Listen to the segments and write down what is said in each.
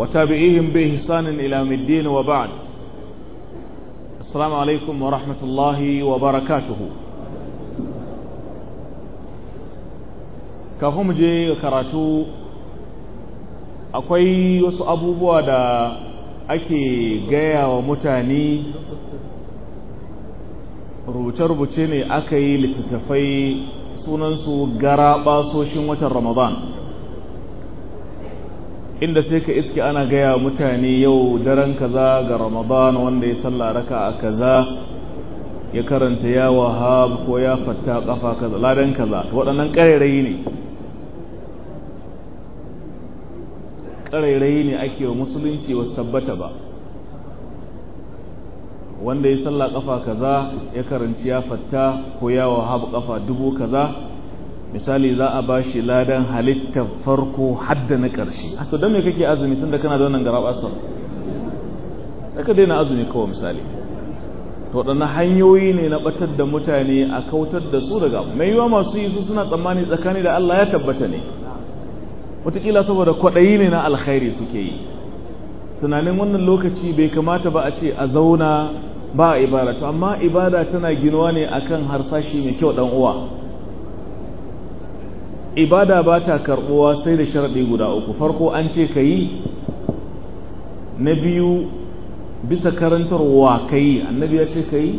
وتابعيهم بإحسان إلى مدين وبعد السلام عليكم ورحمة الله وبركاته كهم جي وكراتو أكوي وصعبوا بوادا أكي غيا ومتاني rubuce buce ne aka yi littattafai sunansu gara ba inda sai ka iske ana gaya mutane yau daren kaza ga ramadan wanda ya salla raka a kaza ya karanta ya wahab ko ya fatta kafa kaza ladan kaza waɗannan ƙarairayi ne ƙarairayi ne ake wa musulunci wasu tabbata ba wanda ya salla kafa kaza ya karanci ya fatta ko ya wahab kafa dubu kaza misali za a bashi ladan halitta farko hadda na ƙarshe a to don me kake azumi tunda kana da wannan garaba sau da ka daina azumi kawai misali to waɗannan hanyoyi ne na batar da mutane a kautar da su daga mai yiwa masu yi su suna tsammani tsakani da Allah ya tabbata ne wataƙila saboda kwaɗayi ne na alkhairi suke yi tunanin wannan lokaci bai kamata ba a ce a zauna ba a ibada to amma ibada tana ginuwa ne akan harsashi mai kyau dan uwa ibada ba ta karɓuwa sai da sharaɗi guda uku farko an ce ka yi na biyu bisa karantar wa ka yi annabi ya ce ka yi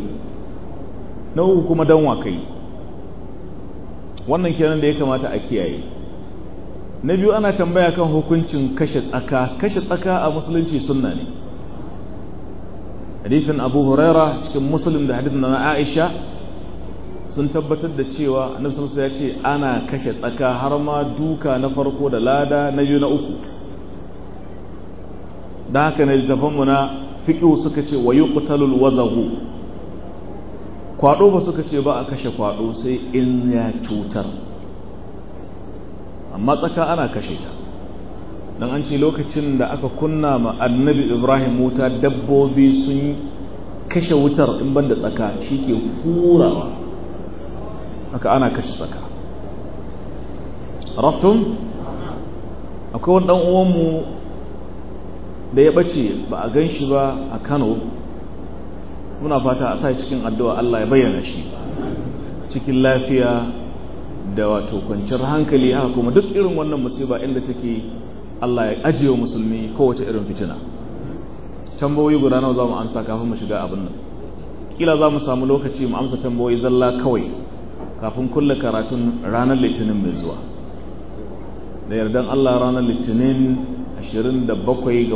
na uku kuma don wa ka yi wannan kenan da ya kamata a kiyaye na biyu ana tambaya kan hukuncin kashe tsaka kashe tsaka a musulunci sunna ne hadithin abu huraira cikin musulun da hadithin na aisha sun tabbatar da cewa annabi sallallahu ya ce ana kashe tsaka har ma duka na farko da lada na biyu na uku da haka na littafan mu na fiqhu suka ce wa yuqtalul wazahu kwado ba suka ce ba a kashe kwaɗo sai in ya cutar amma tsaka ana kashe ta dan an ce lokacin da aka kunna ma annabi ibrahim wuta dabbobi sun kashe wutar in banda tsaka shi ke furawa haka ana kashe zaka raftun akwai wani ɗan'uwanmu da ya bace ba a gan shi ba a kano muna fata a sa cikin addu'a Allah ya bayyana shi cikin lafiya da wato kwanciyar hankali haka kuma duk irin wannan musiba inda take Allah ya ajiye musulmi kowace irin fitina tambayoyi guda nawa za mu amsa kafin mu shiga abin nan kila za mu samu lokaci mu amsa tambayoyi zalla kawai kafin kulle karatun ranar litinin mai zuwa da yardan allah ranar litinin 27 ga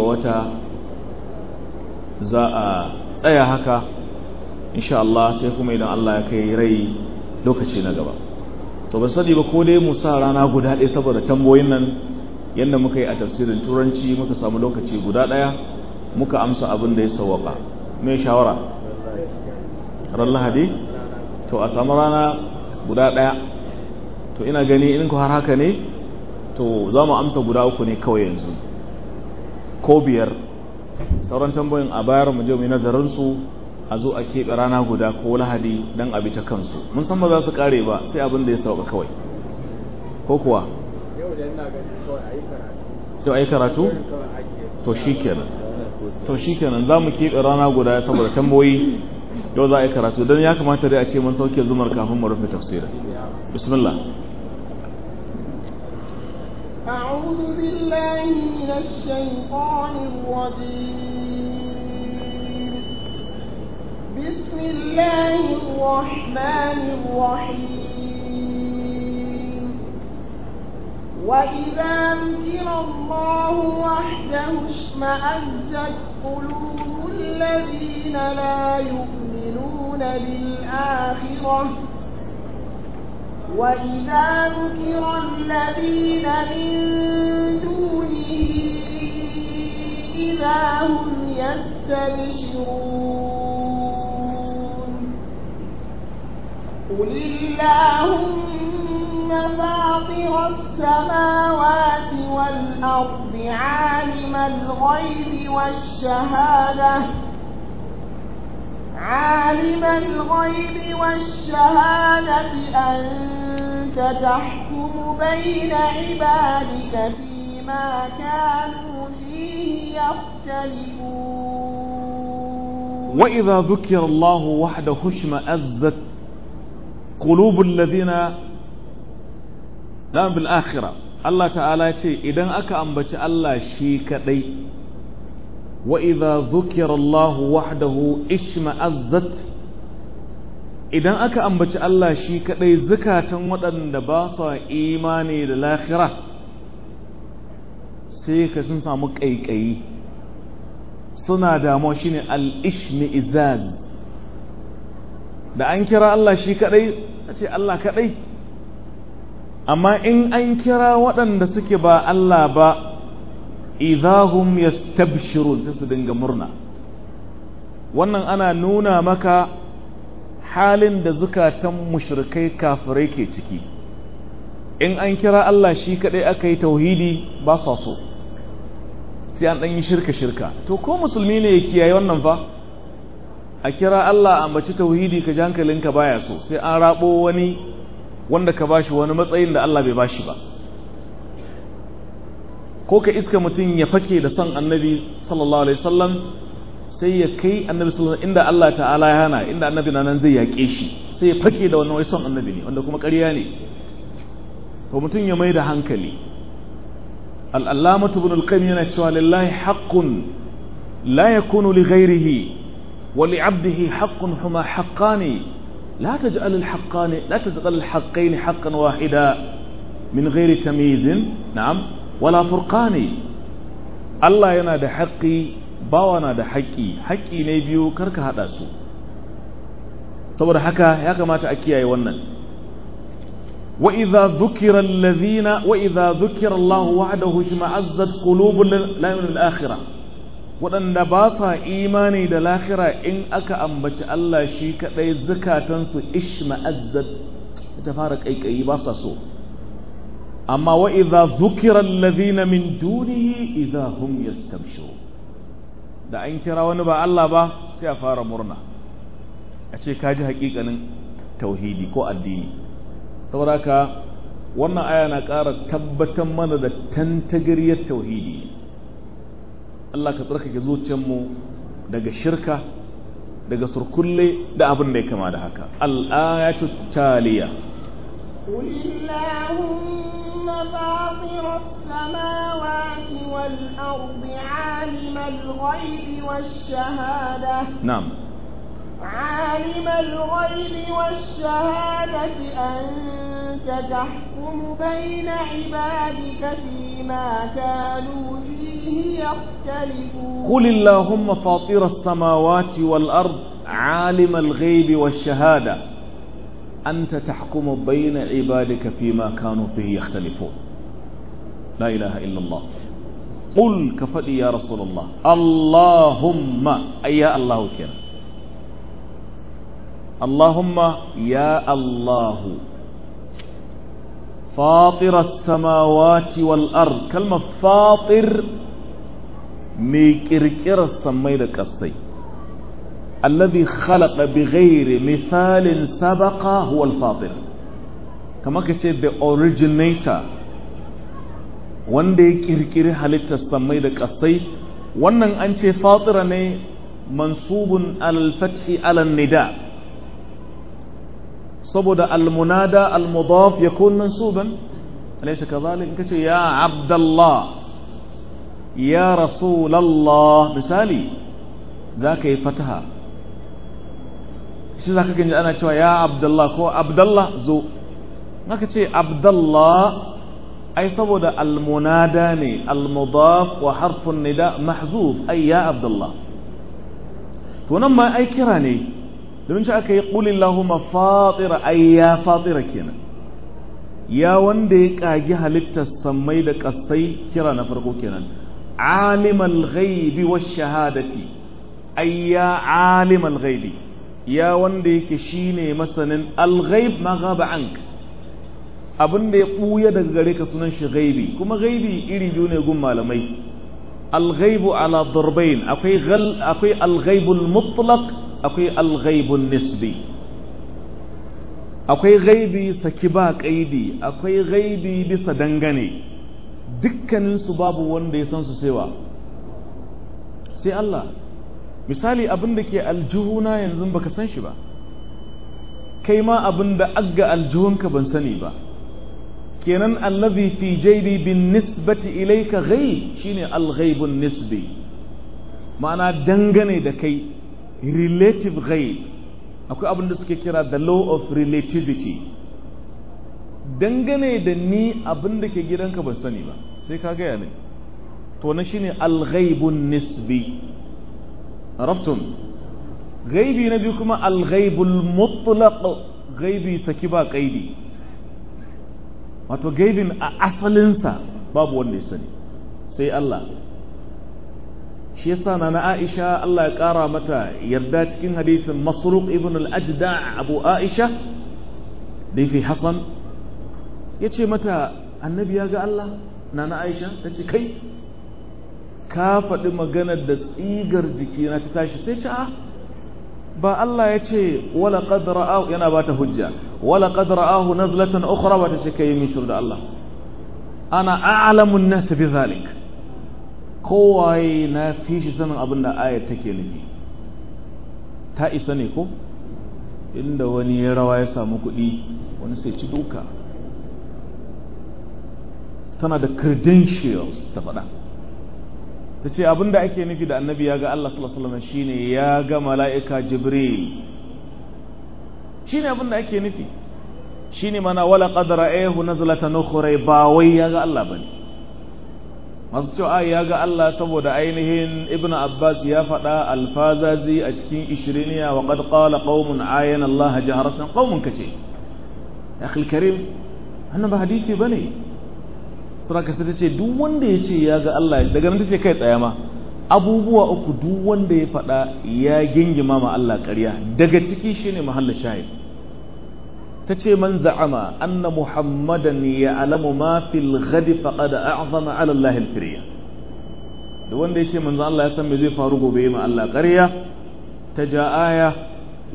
wata za a tsaya haka insha allah sai kuma idan allah ya kai rai lokaci na gaba to ba sani ba ko dai mu sa rana guda ɗaya saboda tamboyin nan yadda muka yi a tafsirin turanci muka samu lokaci guda ɗaya muka amsa abin da ya sawaka mai shawara ran lahadi to a samu rana guda ɗaya to ina gani in ku har haka ne to za mu amsa guda uku ne kawai yanzu ko biyar sauran tambayin a bayar mu je mu nazarin su a zo a keɓe rana guda ko lahadi dan abi ta kansu mun san ba za su kare ba sai abin da ya sauka kawai ko kuwa yau a yi karatu to shi kenan to shi kenan za mu keɓe rana guda saboda tambayoyi yau za a yi karatu don ya kamata dai a ce mun sauke zumar kafin mu rufe tafsirin bismillah أعوذ بالله من الشيطان الرجيم بسم الله الرحمن الرحيم وإذا ذكر الله وحده اشمأزت قلوب الذين لا يؤمنون يؤمنون بالآخرة وإذا ذكر الذين من دونه إذا هم يستبشرون قل اللهم فاطر السماوات والأرض عالم الغيب والشهادة عالم الغيب والشهادة أنت تحكم بين عبادك فيما كانوا فيه يختلفون وإذا ذكر الله وحده اشمأزت قلوب الذين لا بالآخرة الله تعالى يقول إذا أكا ambaci الله شيك kadai وإذا ذكر الله وحده اشمأزت idan aka ambaci Allah shi kadai zukatan waɗanda ba sa imani da lahira sai ka sun samu ƙaiƙayi suna damuwa shine izaz da an kira Allah shi kadai a ce Allah kadai amma in an kira waɗanda suke ba Allah ba idahum yastabshirun sai su dinga murna wannan ana nuna maka halin da zukatan mushrikai kafirai ke ciki in an kira Allah shi kadai aka yi tauhidi ba sa so sai an dan yi shirka shirka to ko musulmi ne ya kiyaye wannan fa a kira Allah a mace tauhidi ka ji baya so sai an rabo wani wanda ka bashi wani matsayin da Allah bai bashi ba ko ka iska mutum ya fake da son annabi sallallahu alaihi wasallam sai ya kai annabi sallallahu inda Allah ta'ala ya hana inda annabi na nan zai yaƙe shi sai ya fake da wannan wai son annabi ne wanda kuma ƙarya ne to mutum ya mai da hankali al'allamatu ibn al-qayyim yana cewa lillahi haqqun la yakunu li ghayrihi wa li 'abdihi haqqun huma haqqani la taj'al al-haqqani la taj'al al-haqqayn haqqan wahida min ghairi tamyiz na'am wala furqani Allah yana da haƙƙi bawa na da haƙƙi haƙƙi ne biyu karka haɗa su saboda haka ya kamata a kiyaye wannan wa idza dhukira alladhina wa idza dhukira Allah wahdahu shma'azzat qulubul la akhirah waɗanda ba sa imani da lahira in aka ambaci Allah shi kaɗai zukatansu ishma'azzat ta fara ƙaiƙayi ba sa so amma wa zukiran dhukira min dunihi idza hum yastabshiru da an kira wani ba Allah ba sai a fara murna a ce kaji hakikanin tauhidi ko addini sauraka wannan aya na ƙara tabbatar mana da tantagariyar tauhidi Allah ka tsarkake zuciyarmu daga shirka daga surkulle da abin da ya kama da haka al'ayatu taliya قل اللهم فاطر السماوات والأرض عالم الغيب والشهادة نعم عالم الغيب والشهادة أنت تحكم بين عبادك فيما كانوا فيه يختلفون قل اللهم فاطر السماوات والأرض عالم الغيب والشهادة أنت تحكم بين عبادك فيما كانوا فيه يختلفون لا إله إلا الله قل كفدي يا رسول الله اللهم أي الله كنا اللهم يا الله فاطر السماوات والأرض كلمة فاطر ميكركر السمي لك السيد alladhi khalaqa bighairi mithalin sabaqa huwa al-fatir kamar ka ce the originator wanda ya kirkiri halittar samai da kasai wannan an ce fatira ne mansubun al-fathi al-nida saboda al-munada al-mudaf yakun mansuban alaysa kadhalik kace ya abdallah ya rasulallah misali zaka yi fataha shi za ka gani ana cewa ya abdullah ko abdullah zo naka ce abdullah ai saboda almunada ne almudaf wa harfun nida mahzuf ai ya abdullah to nan ma ai kira ne domin shi aka yi qulillahumma fatira ai ya fatira kenan ya wanda ya ƙagi halittar sammai da kasai kira na farko kenan alimal ghaibi wa shahadati ai ya alimal ghaibi ya wanda yake shine masanin al-ghaib ma gaba anka abin da ya ɓuya daga gare ka sunan shi ghaibi kuma ghaibi iri biyu ne gun malamai al-ghaibu ala darbain akwai ghal akwai al-ghaibul mutlaq akwai al nisbi akwai ghaibi saki ba kaidi akwai ghaibi bisa dangane dukkanin su babu wanda ya san su saiwa, sai Allah misali abin da ke aljihuna yanzu baka san shi ba kai ma abin da agga aljihunka ban sani ba kenan allazi fi jaidi bin nisbati ilayka ghaib shine alghaibun nisbi ma'ana dangane da kai relative ghaib akwai abin da suke kira the law of relativity dangane da ni abin da ke gidanka ban sani ba sai ka gaya ne to na shine alghaibun nisbi na عرفتم غيبي نبيكم الغيب المطلق saki ba قيدي wato gaibin a asalinsa babu wanda sani sai Allah shi yasa na na Aisha Allah ya ƙara mata yarda cikin hadisin Masruq ibn al-Ajda Abu Aisha da Hassan yace mata annabi ya ga Allah na Aisha tace kai ka faɗi maganar da tsigar jikina ta tashi sai ce a ah, ba Allah ya ce wala qad ra'ahu yana bata hujja wala qad ra'ahu ba ukhra ce tashkai min da Allah ana Alamun an bi zalik kowaye na fi shi sanin abin da ayat take nufi ta isa ne ko inda wani ya rawa ya samu kuɗi wani sai ci duka tana da credentials ta faɗa ta ce abinda ake nufi da annabi ya ga Allah sallallahu alaihi wasallam shine ya ga mala'ika jibril shine abinda ake nufi shine mana wala qad ra'ahu nazlatan ukhra ba wai ya ga Allah bane masu cewa ya ga Allah saboda ainihin ibn Abbas ya faɗa alfazazi a cikin ishiriniya wa qad qala qaumun ayana Allah jaharatan qaumun kace ya akhil karim annabi hadisi bane saboda sai ta ce duk wanda ya ce ya ga Allah daga nan ta ce kai tsaya ma abubuwa uku duk wanda ya faɗa ya gingima ma Allah ƙarya daga ciki shine mahallin shahid ta ce man za'ama anna muhammadan ya alamu ma fil ghadi faqad a'zama ala Allah al-firya duk wanda ya ce manzo Allah ya san me zai faru gobe ma Allah ƙarya ta ja aya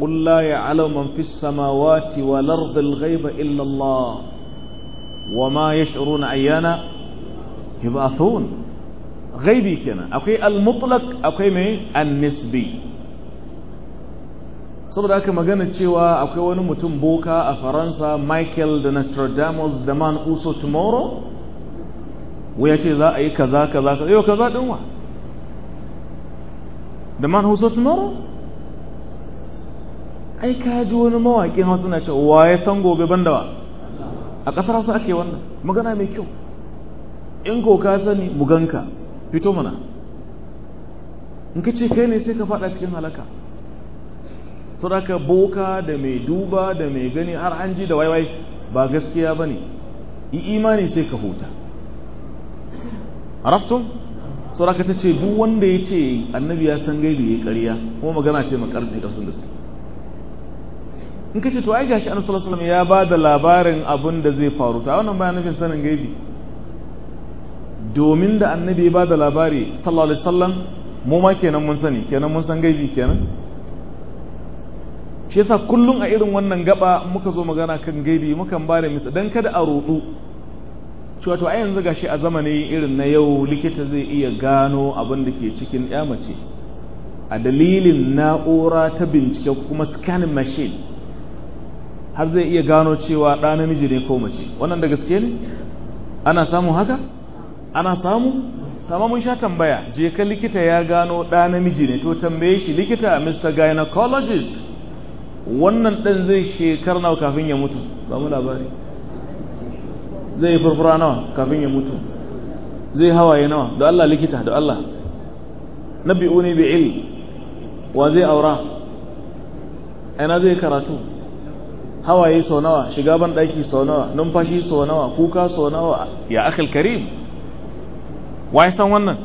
قل لا يعلم samawati في السماوات والأرض الغيب illa allah. وما يشعرون أيانا يبعثون غيبي كنا أوكي المطلق أوكي مي النسبي saboda aka magana cewa akwai wani mutum boka a faransa michael da nostradamus da man uso tomorrow waya ce za a yi kaza kaza kaza yau kaza dinwa da man uso tomorrow ai ji wani mawaƙin hausa na ce wa ya san gobe ban da ba a ƙasar hausa ake wannan magana mai kyau in ko ka sani buganka fito mana in ka ce kai ne sai ka faɗa cikin halaka saraka boka da mai duba da mai gani har an ji da waiwai ba gaskiya ba ne yi imani sai ka huta araftun saboda ta ce duk wanda ya ce annabi ya san gaibi ya ƙarya kuma magana ce makarfi ƙarfin gaskiya in ka ce to ai gashi annabi sallallahu alaihi ya ba da labarin abin da zai faru ta wannan bayanin nufin sanin gaibi domin da annabi ya ba da labari sallallahu alaihi wasallam mu ma kenan mun sani kenan mun san gaibi kenan shi yasa kullum a irin wannan gaba muka zo magana kan gaibi mukan ba da dan kada a rudu cewa to a yanzu gashi a zamanin irin na yau likita zai iya gano abin da ke cikin ya mace a dalilin na'ura ta bincike kuma scanning machine har zai iya gano cewa ɗa namiji ne ko mace wannan da gaske ne ana samu haka ana samu kama mun sha tambaya je ka likita ya gano ɗa namiji ne to tambaye shi likita mr gynecologist wannan ɗan zai shekar nawa kafin ya mutu ba mu labari zai furfura nawa kafin ya mutu zai hawaye nawa da Allah likita da Allah bi ilmi wa zai aura ina zai karatu hawaye so nawa shiga ban daki nawa numfashi so nawa kuka so nawa ya akhil karim wai san wannan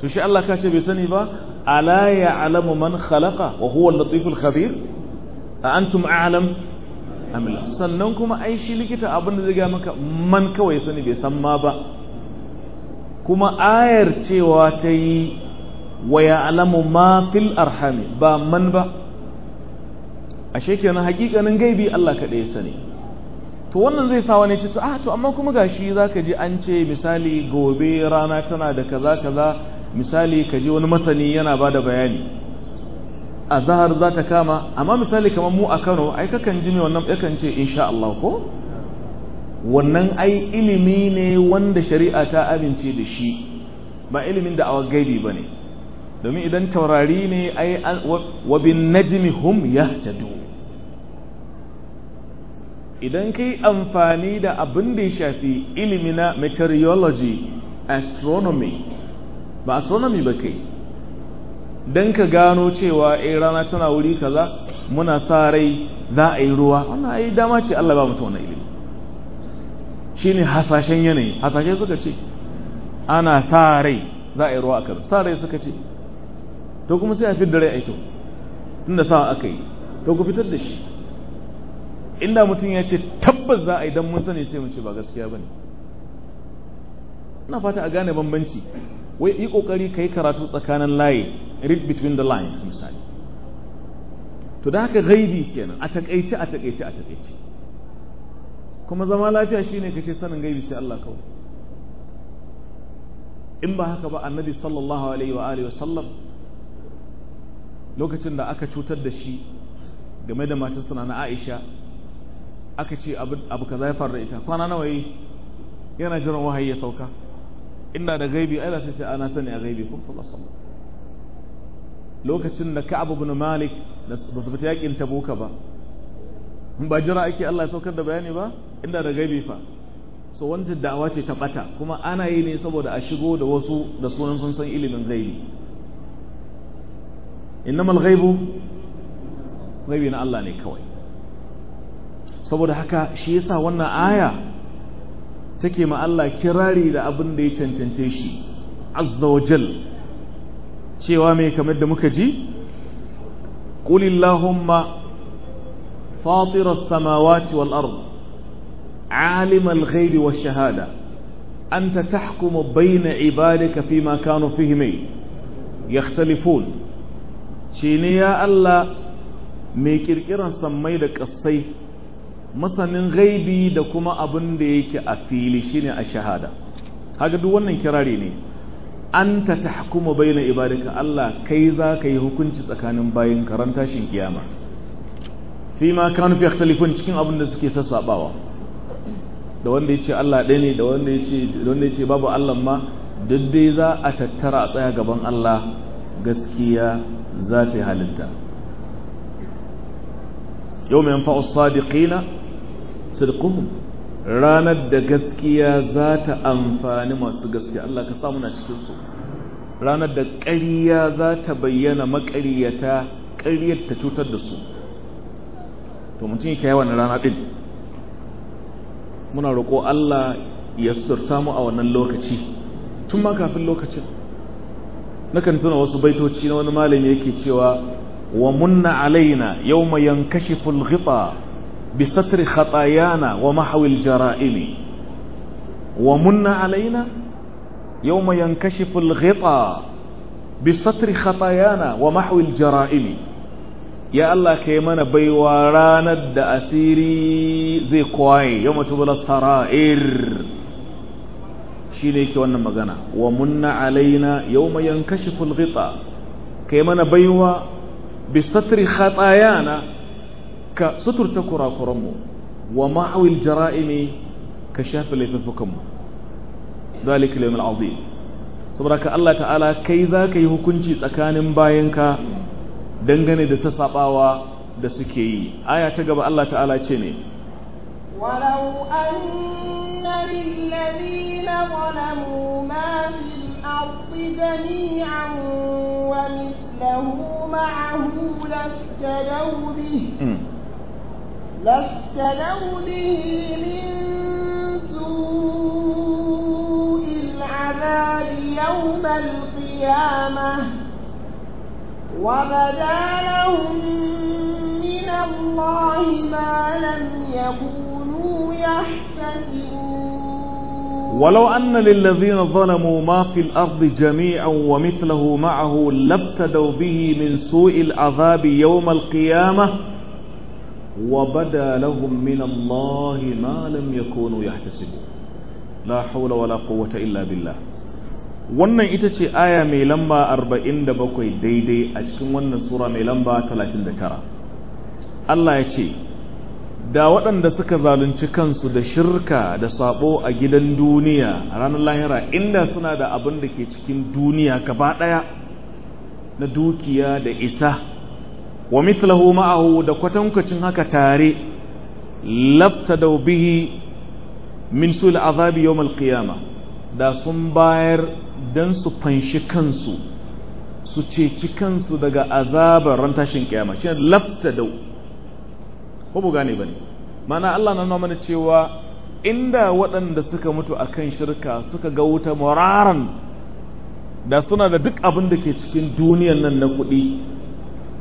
to shi Allah ka ce bai sani ba ala ya'lamu man khalaqa wa huwa al-latiful khabir a antum a'lam am sannan kuma ai shi likita abin da zai ga maka man kawai sani bai san ma ba kuma ayar cewa ta yi wa ya'lamu ma fil arhami ba man ba ashe kenan hakikanin gaibi Allah kaɗai sani to wannan zai sa wani cito a ah, to amma kuma gashi zaka ji an ce misali gobe rana tana da kaza kaza misali ka ji wani masani yana ba da bayani a zahar za ta kama amma misali kamar mu a Kano ai kakan ji ne wannan yakan ce insha Allah ko wannan ai ilimi ne wanda shari'a ta amince da shi ba ilimin da awa gaibi bane domin idan taurari ne ai wabin bin najmi hum yahtadun idan ka yi amfani da abin da ya shafi ilimi na meteorology astronomy ba astronomy ba kai don ka gano cewa a eh, rana tana wuri kaza muna sa rai za a yi ruwa wannan ai dama ce Allah ba mutum wani ilimi shine hasashen yanayi hasashe suka ce ana sa rai za a yi ruwa a kan sa rai suka ce to kuma sai a fitar da rai aito tunda sa aka yi to ku fitar da shi illa mutum ya ce tabbas za a yi don mun sani sai mu ce ba gaskiya ba ne na fata a gane bambanci wai yi kokari ka yi karatu tsakanin layi read between the lines misali to da haka gaibi kenan a takaice a takaice a takaice kuma zama lafiya shine kace sanin gaibi sai Allah kawai in ba haka ba annabi sallallahu alaihi wa alihi wasallam lokacin da aka cutar da shi game da matarsa na Aisha aka ce abu ka ya da ita kwana nawa yi yana jiran wahayi ya sauka inda da gaibi ai da sai ce ana sani a gaibi kuma sallallahu alaihi lokacin da Ka'ab ibn Malik ba su fita yakin Tabuka ba ba jira ake Allah ya saukar da bayani ba inda da gaibi fa so wanda da'awa ce ta bata kuma ana yi ne saboda a shigo da wasu da sunan sun san ilimin gaibi innamal ghaibu gaibi na Allah ne kawai saboda haka shi yasa wannan aya take ma Allah kirari da abin da ya cancance shi azza wajal cewa me kamar da muka ji qulillahumma fatir as-samawati wal ard alim al-ghayb shahada anta tahkumu bayna ibadika fima kanu fihimai. may yakhtalifun ya Allah mai ƙirƙirar sammai da ƙasai? masanin gaibi da kuma abin da yake a fili shine a shahada haka duk wannan kirari ne an ta tahkuma bayna ibadika Allah kai za ka yi hukunci tsakanin bayan karan tashin kiyama fi ma kan fi ikhtilifun cikin abin da suke sassabawa da wanda ce Allah ɗaya ne da wanda yace da wanda yace babu Allah ma duk dai za a tattara a tsaya gaban Allah gaskiya za ta halinta yau mai yanfa'u sadiqina sidquhum ranar da gaskiya za ta amfani masu gaskiya Allah ka samu na cikin ranar da ƙarya za ta bayyana maƙaryata ƙaryar ta cutar da su to mutum yake yawan rana ɗin muna roƙo Allah ya surta mu a wannan lokaci tun ma kafin lokacin nakan tuna wasu baitoci na wani malami yake cewa wa munna alaina yawma yankashiful ghita بستر خطايانا ومحو الجرائم ومن علينا يوم ينكشف الغطاء بستر خطايانا ومحو الجرائم يا الله كيمان بيواران الدأسيري زي قواي يوم تبلى السرائر شيني كيوانا مغانا ومن علينا يوم ينكشف الغطاء yankashifu بيوا بستر خطايانا ka suturta kurakuranmu wa ma'awil jara'imi ka shafe laifuffukanmu zalika liyamul azim saboda ka Allah ta'ala kai za ka yi hukunci tsakanin bayanka dangane da sassaɓawa da suke yi aya ta gaba Allah ta'ala ce ne ولو أن للذين ظلموا ما في الأرض جميعا ومثله معه لافتدوا به ما به من سوء العذاب يوم القيامة وبدا لهم من الله ما لم يكونوا يحتسبون ولو أن للذين ظلموا ما في الأرض جميعا ومثله معه لابتدوا به من سوء العذاب يوم القيامة وبدا لهم من الله ما لم يكونوا يحتسبون لا حول ولا قوة إلا بالله wannan ita ce aya mai lamba 47 daidai a cikin wannan sura mai lamba 39 Allah ya ce da waɗanda suka zalunci kansu da shirka da sabo a gidan duniya ranar lahira inda suna da abin da ke cikin duniya gaba ɗaya na dukiya da isa wa mislahu ma'ahu da kwatankwacin haka tare lafta da bihi min su azabi yawm al-qiyama da sun bayar dan su fanshi kansu su ceci kansu daga azabar ran tashin kiyama shi lafta da ko bu gane bane mana Allah na nuna mana cewa inda waɗanda suka mutu akan shirka suka ga wuta muraran da suna da duk abin da ke cikin duniyan nan na kuɗi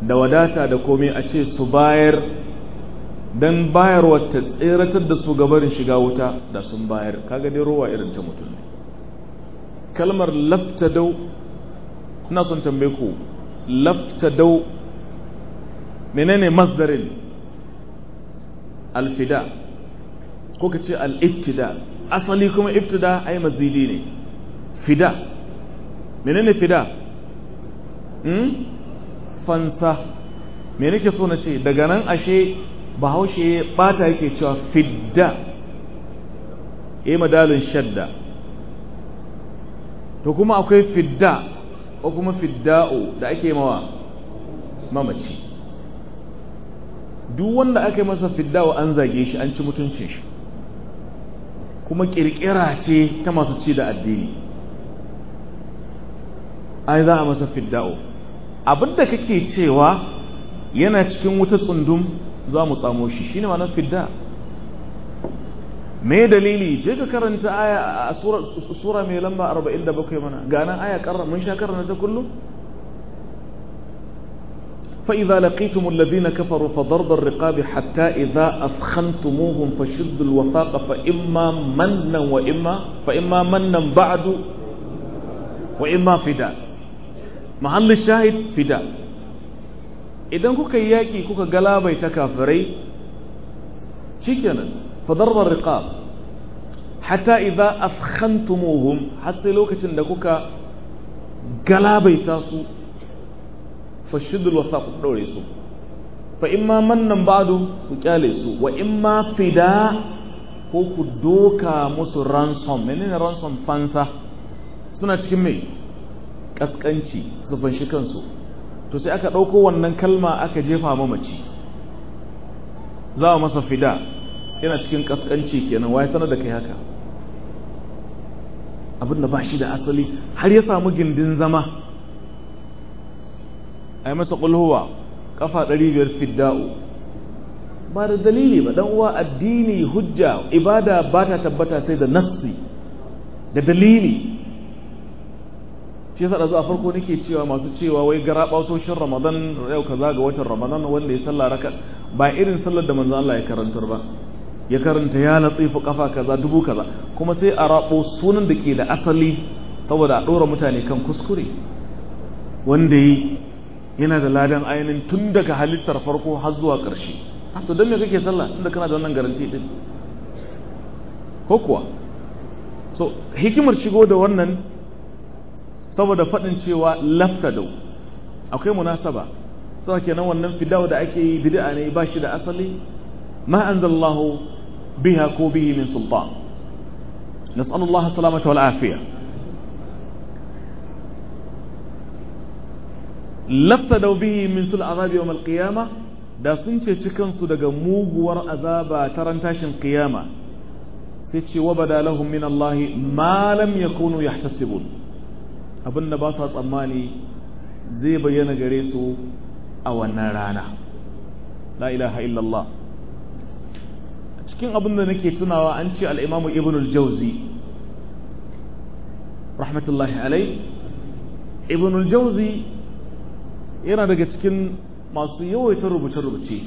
da wadata da komai a ce su bayar don bayarwar ta tseratar da su gabarin shiga wuta da sun bayar kaga dai ruwa irin ta mutum ne kalmar laftadau ina son tambaye ku laftadau menene masdarin alfida ko ka ce al'iftida asali kuma iftida yi mazidi ne fida menene fida hmm? fansa me nake so na ce daga nan ashe bahaushe bata yake cewa fidda ya e madalin shadda to kuma akwai fidda ko kuma fidda'u da ake mawa mamaci duk wanda aka yi masa fidda'u an zage shi an ci mutuncin shi kuma kirkira ce ta masu ci da addini ai za a masa fidda'u abinda kake cewa yana cikin wuta tsundum za mu shi shine ma'anar fidda me dalili je ka karanta aya a sura mai lamba 47 mana ganan aya karra mun sha karanta ta kullum فإذا لقيتم الذين كفروا فضرب الرقاب حتى إذا أثخنتموهم فشدوا الوثاق فإما منا وإما فإما منا بعد وإما فداء mahallin shahid fida idan kuka yi yaƙi kuka galabaita kafirai shikenan fadarbar Hata hatta idza afkhantumuhum har sai lokacin da kuka galabaita su fashidul wasa ku daure su fa imma mannan ba'du ku kyale su wa imma fida ko ku doka musu ransom menene ransom fansa suna cikin mai Ƙasƙanci su fanshi kansu to sai aka ɗauko wannan kalma aka jefa mamaci za a masa fida yana cikin kaskanci kenan waye sanar da kai haka abin da ba shi da asali har ya samu gindin zama a yi masa ƙulhuwa ƙafa 500 fidda'u ba da dalili ba dan uwa addini hujja ibada ba ta tabbata sai da nassi da dalili shi yasa da zuwa farko nake cewa masu cewa wai gara basoshin ramadan yau ga watan ramadan wanda ya sallah raka ba irin sallar da manzo Allah ya karantar ba ya karanta ya latifu kafa kaza dubu kaza kuma sai a rabo sunan da ke da asali saboda a dora mutane kan kuskure wanda yi yana da ladan ainihin tun daga halittar farko har zuwa ƙarshe ah, to don me kake sallah tunda kana da wannan garanti din ko kuwa so hikimar shigo da wannan saboda fadin cewa laftadau akwai munasaba saboda kenan wannan fidawa da ake bid'a ne ba shi da asali ma anzalallahu biha ko bihi min sultan nas'alullaha salamata wal afiya laftadau bihi min sul azab yawm al qiyama da sun ce ceci su daga muguwar azaba ta ran tashin kiyama sai ce wa badalahum min Allah ma lam yakunu yahtasibun abin da ba sa tsammani zai bayyana gare su a wannan rana la ilaha illallah cikin abin da nake tunawa an ce al'imamu ibn al-jauzi rahmatullahi alai ibn al-jauzi yana daga cikin masu yawaitar rubuce-rubuce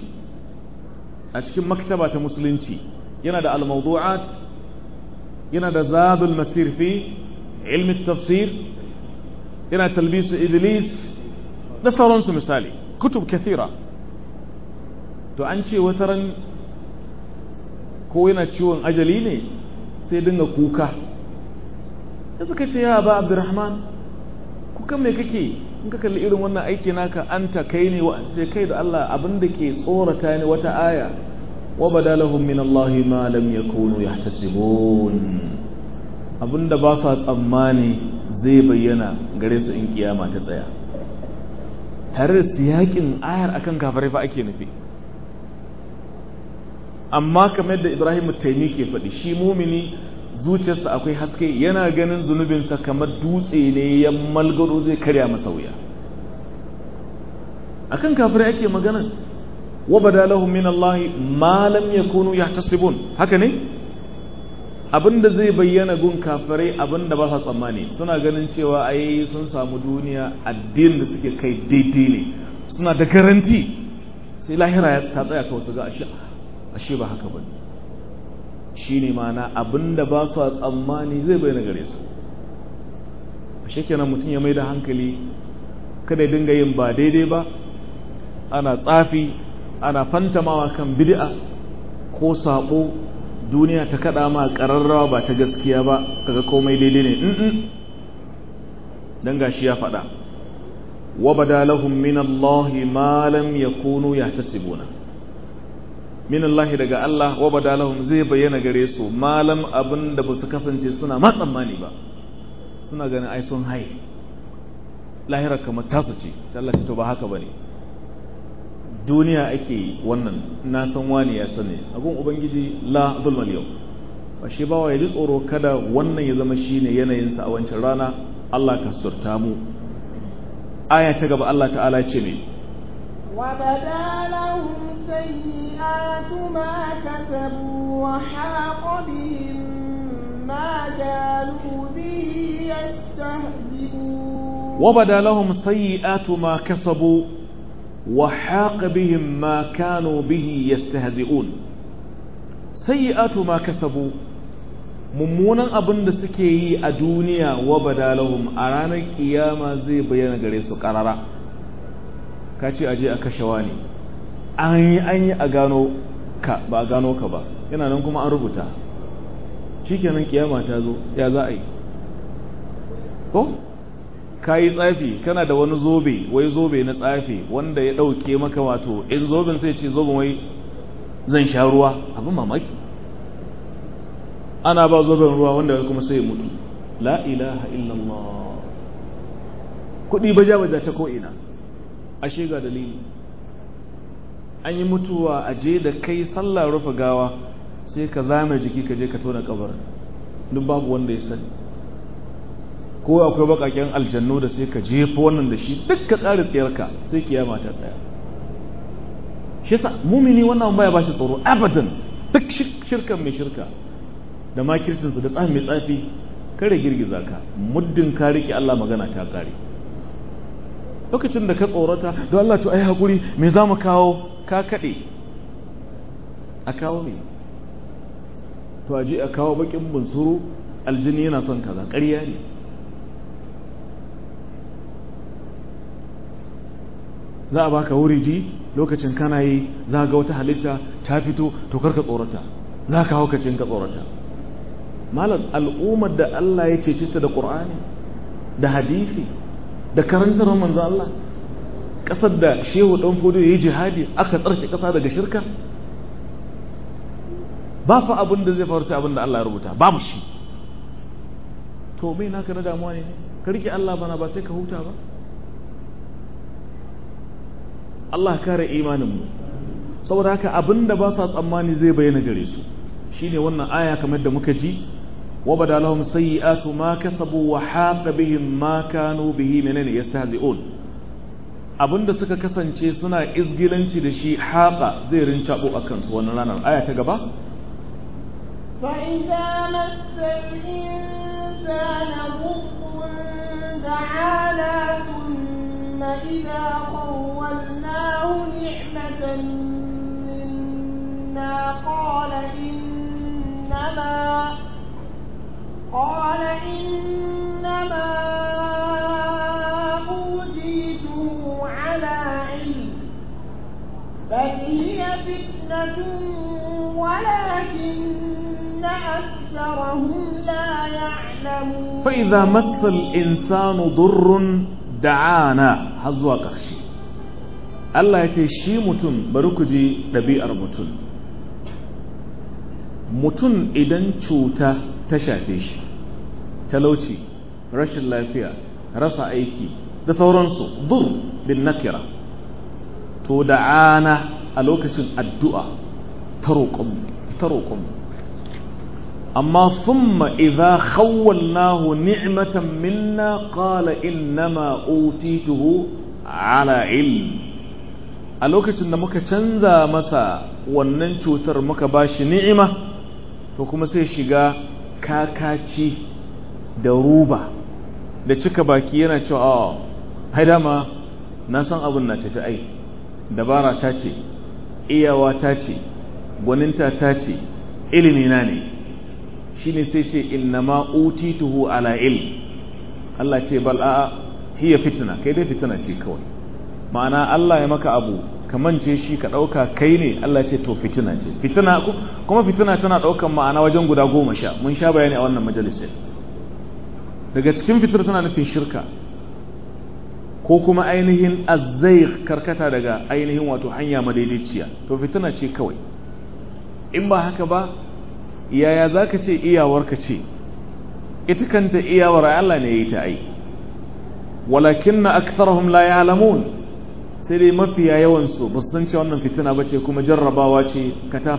a cikin maktaba ta musulunci yana da al-mawdu'at yana da zadul masirfi fi ilmi tafsir yana talbisu iblis da sauransu misali kutub kathira to an ce wata ran ko yana ciwon ajali ne sai dinga kuka Ya suka ce ya ba abdurrahman kukan mai kake in ka kalli irin wannan aiki naka an ta kai ne sai kai da Allah abin da ke tsorata ne wata aya wa badalahum min ya ma lam yakunu yahtasibun abinda ba su tsammani zai bayyana gare su in kiyama ta tsaya tare da siyakin ayar akan kafirai fa ake nufi amma kamar yadda Ibrahim Taimi ke faɗi shi mumini zuciyarsa akwai haske yana ganin zunubinsa kamar dutse ne ya malgaro zai karya masa wuya akan kafirai ake magana wa badalahum min ya ma lam yakunu yahtasibun haka ne abinda zai bayyana gun kafirai abinda ba sa tsammani suna ganin cewa ai sun samu duniya addinin da suke kai daidai ne suna da garanti sai lahira ta tsaya kawai su ga ashe ba haka ba shi ne mana abinda ba su tsammani zai bayyana gare su a kenan mutum ya mai da hankali kada ya dinga yin ba daidai ba ana tsafi ana fantamawa kan bid'a ko saƙo duniya ta kada ma ƙararrawa ba ta gaskiya ba kaga komai daidai ne dan gashi ya faɗa wa badalahum minallahi ma lam yakunu yahtasibuna minallahi daga Allah wa badalahum zai bayyana gare su malam abin da ba su kasance suna ma tsammani ba suna ganin ai sun haye lahirar kamar tasu ce sai Allah ce to ba haka bane duniya ake yi wannan na san wani ya sani abun ubangiji la zulmal yau ba shi bawa ya ji tsoro kada wannan ya zama shine sa a wancan rana Allah ka surta mu aya ta gaba Allah ta'ala ce me وبدا لهم سيئات ما كسبوا وحاق بهم ما كانوا به يستهزئون وبدا لهم سيئات ما كسبوا وحاق بهم ما كانوا به يستهزئون سيئات ما كسبوا mummunan abin da suke yi a duniya wa badalahum a ranar kiyama zai bayyana gare su karara ka ce aje a kashewa ba a nan kuma an rubuta shikenan kiyama ta zo ya za a yi ko ka yi tsafi kana da wani zobe wai zobe na tsafi wanda ya ɗauke maka wato in zoben sai ce zoben wai zan sha ruwa abin mamaki ana ba zoben ruwa wanda kuma sai mutu la ilaha illallah kuɗi baja baja ta ko'ina ashe ga dalili an yi mutuwa a je da kai sallah rufe gawa sai ka zame jiki ka je ka tona kabarin duk babu wanda ya sani ko akwai bakaken aljannu da sai ka jefa wannan da shi duk ka tsari tsayarka sai kiyama ta tsaya shi yasa mumini wannan baya ba shi tsoro abadan duk shirkan mai shirka da makircin da tsami mai tsafi kare girgiza ka muddin ka rike Allah magana ta kare lokacin da ka tsorata don Allah to ai hakuri me za mu kawo ka kaɗe a kawo me? to aje a kawo bakin bunsuru aljini yana son kaza ƙarya ne za a baka wuriji lokacin kana yi za ga wata halitta ta fito to karka tsorata za ka haukacin ka tsorata malam al'ummar da Allah ya ce ta da Qur'ani da hadisi da karantar manzo Allah kasar da shehu dan fodo yayi jihadi aka tsarki kasa daga shirka ba fa abin da zai faru sai abin da Allah ya rubuta ba mu shi to mai naka na damuwa ne ka rike Allah bana ba sai ka huta ba Allah kare imaninmu saboda haka abinda ba sa tsammani zai bayyana gare su shine wannan aya kamar da muka ji wa badalahum sayyi'atu ma kasabu wa haqa bihim ma kanu bihi minan yastahzi'un abinda suka kasance suna izgilanci da shi haqa zai rincabo a kansu wannan ranar aya ta gaba fa مس masal insana دعانا ثم إذا خولناه نعمة منا قال إنما قال إنما أوتيته على علم بل هي فتنة ولكن أكثرهم لا يعلمون فإذا مس الإنسان ضر da'ana har zuwa ƙarshe Allah ya ce shi mutum bari ku ji ɗabi'ar mutum mutum idan cuta ta shafe shi talauci rashin lafiya rasa aiki da sauransu dur bin nakira to da'ana a lokacin addu'a ta roƙonmu amma thumma idza khawwalnahu ni'matan minna qala innama utituhu ala ilm a lokacin da muka canza masa wannan cutar muka bashi ni'ima to kuma sai shiga kakaci da ruba da cika baki yana cewa a hai dama na san abin na tafi ai dabara ta ce iyawa ta ce gwaninta ta ce ilimina ne shine sai ce innama utituhu ala ilm Allah ce bal a'a hiya fitna kai dai fitna ce kawai ma'ana Allah ya maka abu kaman ce shi ka ɗauka kai ne Allah ce to fitina ce fitina kuma fitina tana daukan ma'ana wajen guda goma sha mun sha bayani a wannan majalisar daga cikin fitina tana nufin shirka ko kuma ainihin azzair karkata daga ainihin wato hanya madaidaiciya to fitina ce kawai in ba haka ba yaya za ka ce iyawar ka ce ita kanta iyawar Allah ne ya yi ta ai walakin na aktarhum la alamun sai dai mafiya yawansu ba su san wannan fitina ba ce kuma jarrabawa ce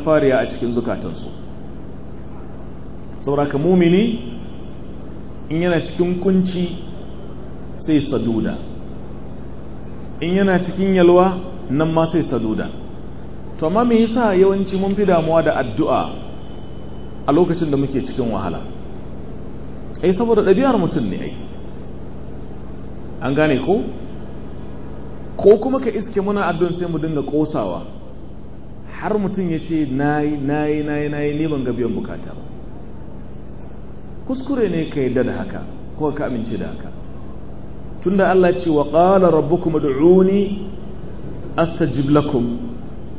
fariya a cikin zukatansu saboda ka mumini in yana cikin kunci sai saduda in yana cikin yalwa nan ma sai saduda to amma me yasa yawanci mun fi damuwa da addu'a a lokacin da muke cikin wahala ai eh, saboda ɗabi'ar mutum ne ai an gane ko ko kuma ka iske muna addon sai mu dinga ƙosawa har mutum ya ce nayi nayi nayi nayi ne ban ga biyan bukata ba kuskure ne ka yadda da haka ko ka amince da haka tunda Allah ce wa qala rabbukum ud'uni astajib lakum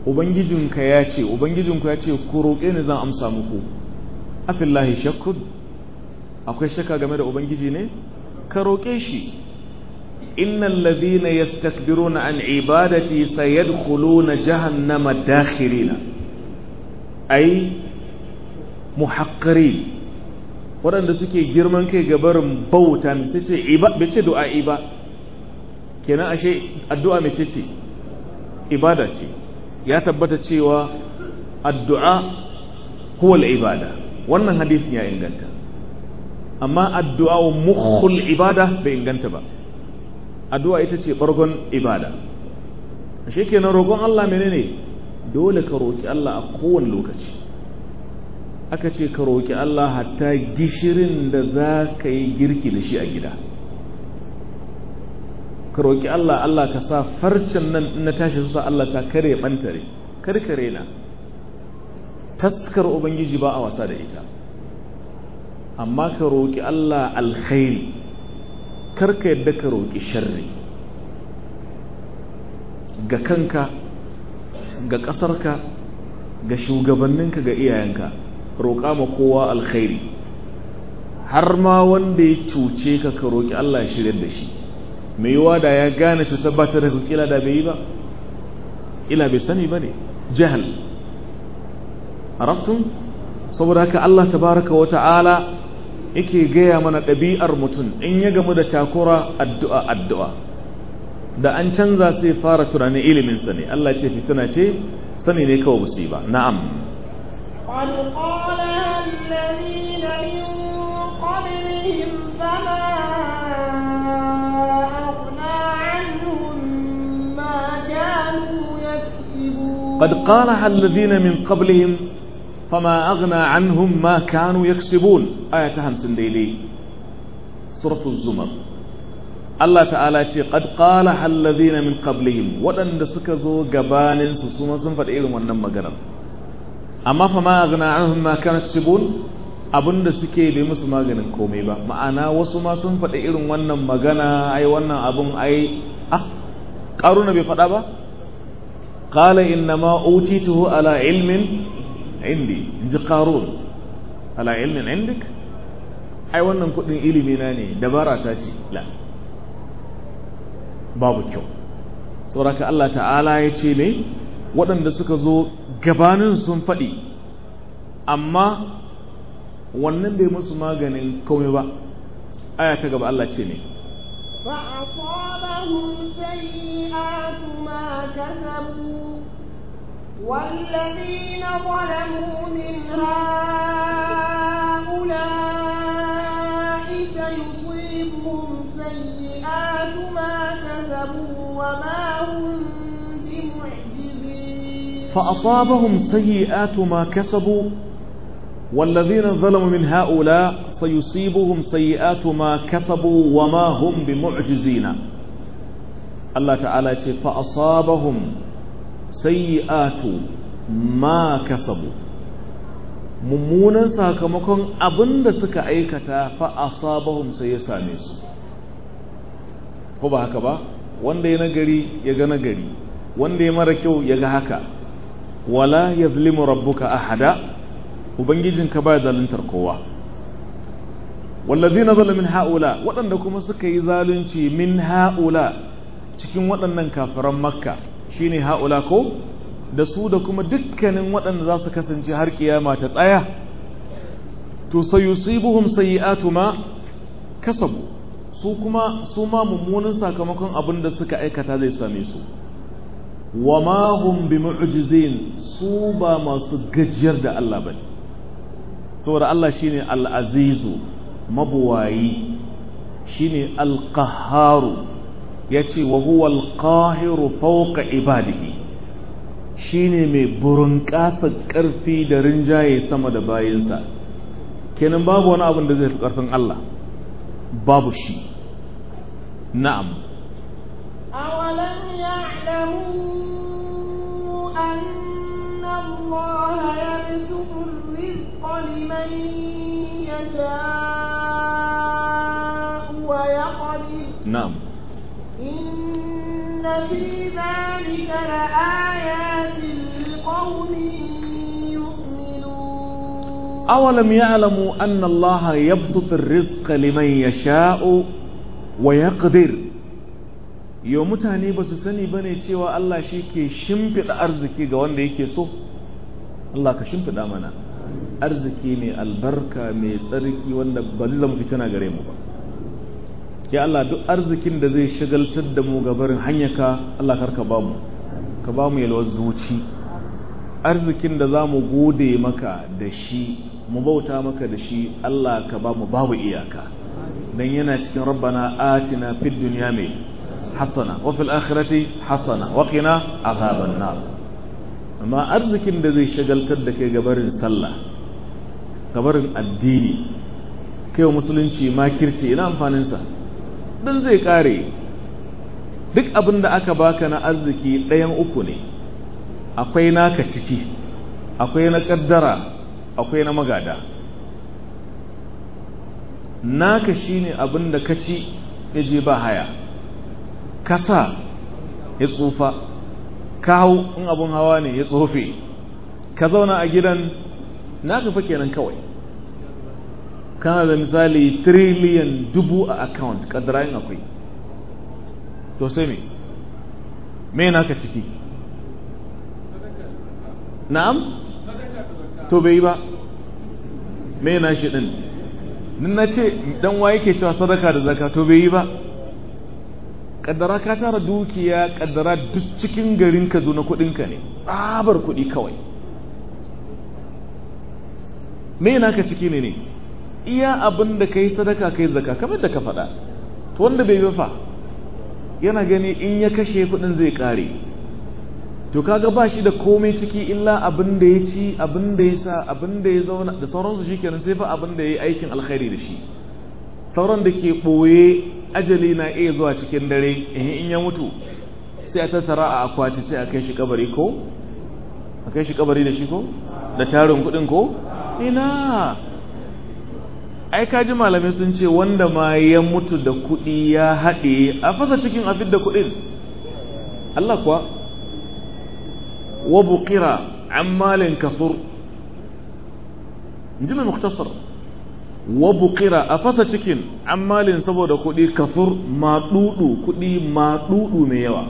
ubangijinka ya ce ubangijinku ya ce ku roƙe ni zan amsa muku afillahi shakkun akwai shakka game da ubangiji ne ka roƙe shi ya stakbiro na an ibadati sayadkhuluna jahannama dakhirina ai muhakkari waɗanda suke girman kai gabarin bautan sai ce iba bai ce du'a'i kenan ashe addu'a mai ce ce ibada ce ya tabbata cewa addu'a huwa ibada wannan hadisin ya inganta amma addu'a mukhul ibada bai inganta ba addu'a ita ce bargon ibada ashe kenan roƙon Allah menene dole ka roƙi Allah a kowane lokaci aka ce ka roƙi Allah hatta gishirin da za ka yi girki da shi a gida ka roƙi Allah Allah ka sa farcen nan na tashi su sa Allah sa kare bantare karkare na taskar ubangiji ba a wasa da ita amma ka roƙi Allah alkhairi ka yadda ka roƙi sharri ga kanka ga ƙasarka ga shugabanninka ga iyayenka roƙa ma kowa alkhairi har ma wanda ya cuce ka ka roƙi Allah ya shirya da shi mai yiwa da ya gane cutar ba ta da kila da bai yi ba ila bai sani ba ne jihal عرفتم saboda haka Allah tabaraka wa ta'ala yake gaya mana ɗabi'ar mutum in ya gamu da takura addu'a addu'a da an canza sai fara tunanin ilimin sa ne Allah ce fitina ce sani ne kawai busi ba na'am قد قال الذين من قبلهم فما أغنى عنهم ما كانوا يكسبون قد قالها الذين من قبلهم فما أغنى عنهم ما كانوا يكسبون آية همسن Allah سورة الزمر الله تعالى قد قال الذين من قبلهم ودن سكزو غبانين سوما سن فد irin wannan maganar amma fa ma aghna anhum ma kanu yaksubun abinda suke bai musu maganin komai ba ma'ana wasu ma sun faɗi irin wannan magana ai wannan abun ai ah qaruna bai faɗa ba qala inna ma utituhu ala ilmin indi in ji qarun ala ilmin indik ai wannan kudin ilimi na ne dabara ta ce la babu kyau tsoraka Allah ta'ala ya ce mai waɗanda suka zo gabanin sun faɗi amma wannan bai musu maganin komai ba aya ta gaba Allah ce ne فأصابهم سيئات ta كسبوا والذين ظلموا من هؤلاء سيصيبهم سيئات ما كسبوا وما هم بمعجزين فأصابهم سيئات ما كسبوا والذين ظلموا من هؤلاء سيصيبهم سيئات ما كسبوا وما هم بمعجزين الله تعالى فأصابهم sayyi'atu ma kasabu mummunan sakamakon abinda suka aikata fa asabahum sai ya same su ko ba haka ba wanda ya nagari ya ga nagari wanda ya mara kyau ya ga haka wala yazlimu rabbuka ahada ubangijinka ba zaluntar kowa wallazina min haula waɗanda kuma suka yi zalunci min haula cikin waɗannan kafiran makka shine haula ko da su da kuma dukkanin waɗanda za su kasance har kiyama ta tsaya to sayusibuhum sayi'atu ma kasabu su kuma su ma mummunan sakamakon abin da suka aikata zai same su wa ma hum su ba masu gajiyar da Allah bane saboda Allah shine al-azizu mabuwayi shine al-qahharu ya ce wa huwal ƙahiru fauka ibadihi shine mai burin ƙasa ƙarfi da rinjaye sama da bayansa, kenan babu wani abin da zai fi ƙarfin Allah babu shi na'am Allah ya bi Allah yabsutu الرزق ya sha awalam ya'lamu anna Allah yabsutu ar-rizqa liman yasha'u wa yaqdir yo mutane ba su sani ne cewa Allah shi ke shimfida arziki ga wanda yake so Allah ka shimfida mana arziki ne albarka mai tsarki wanda ba zan tana gare mu ba ya Allah duk arzikin da zai shagaltar da mu gabarin ka, Allah karka ba mu ka ba mu yalwar zuci arzikin da za mu gode maka da shi mu bauta maka da shi Allah ka ba mu babu iyaka dan yana cikin rabbana atina fid dunya mai hasana wa fil akhirati hasana wa qina azaban nar amma arzikin da zai shagaltar da kai gabarin sallah gabarin addini kai wa musulunci makirci ina amfanin sa dan zai kare duk abin da aka baka na arziki ɗayan uku ne akwai naka ciki akwai na kaddara akwai na magada naka shine abin da ka ci ya je ba haya kasa ya tsufa ka hau in abin hawa ne ya tsofe ka zauna a gidan naka fa kenan kawai kana da misali triliyan dubu a account kadirayin akwai to sai me me naka ciki na'am to bai yi ba me na shi din nan na ce dan waye yake cewa sadaka da zaka to bai yi ba kaddara ka tara dukiya kaddara duk cikin garin ka zo na kudin ka ne tsabar kuɗi kawai me na ka ciki ne ne iya abin da kai sadaka kai zaka kamar da ka faɗa to wanda bai bi fa yana gani in ya kashe kuɗin zai kare to kaga ba shi da komai ciki illa abin da ya ci abin da ya sa abin da ya zauna da sauransu shi kenan sai fa abin da ya yi aikin alkhairi da shi sauran da ke ɓoye ajali na iya zuwa cikin dare eh, in ya mutu sai a tattara a akwati sai a kai shi kabari ko a kai shi kabari da shi ko da tarin kuɗin ko ina ai ka ji malamai sun ce wanda ma ya mutu da kuɗi ya haɗe a fasa cikin afid da kuɗin Allah kuwa وبقر عمال كثر جملة مختصرة وبقر أفسا تشكين عمال سبودا كدي كثر ما دودو كدي ما دودو ميوا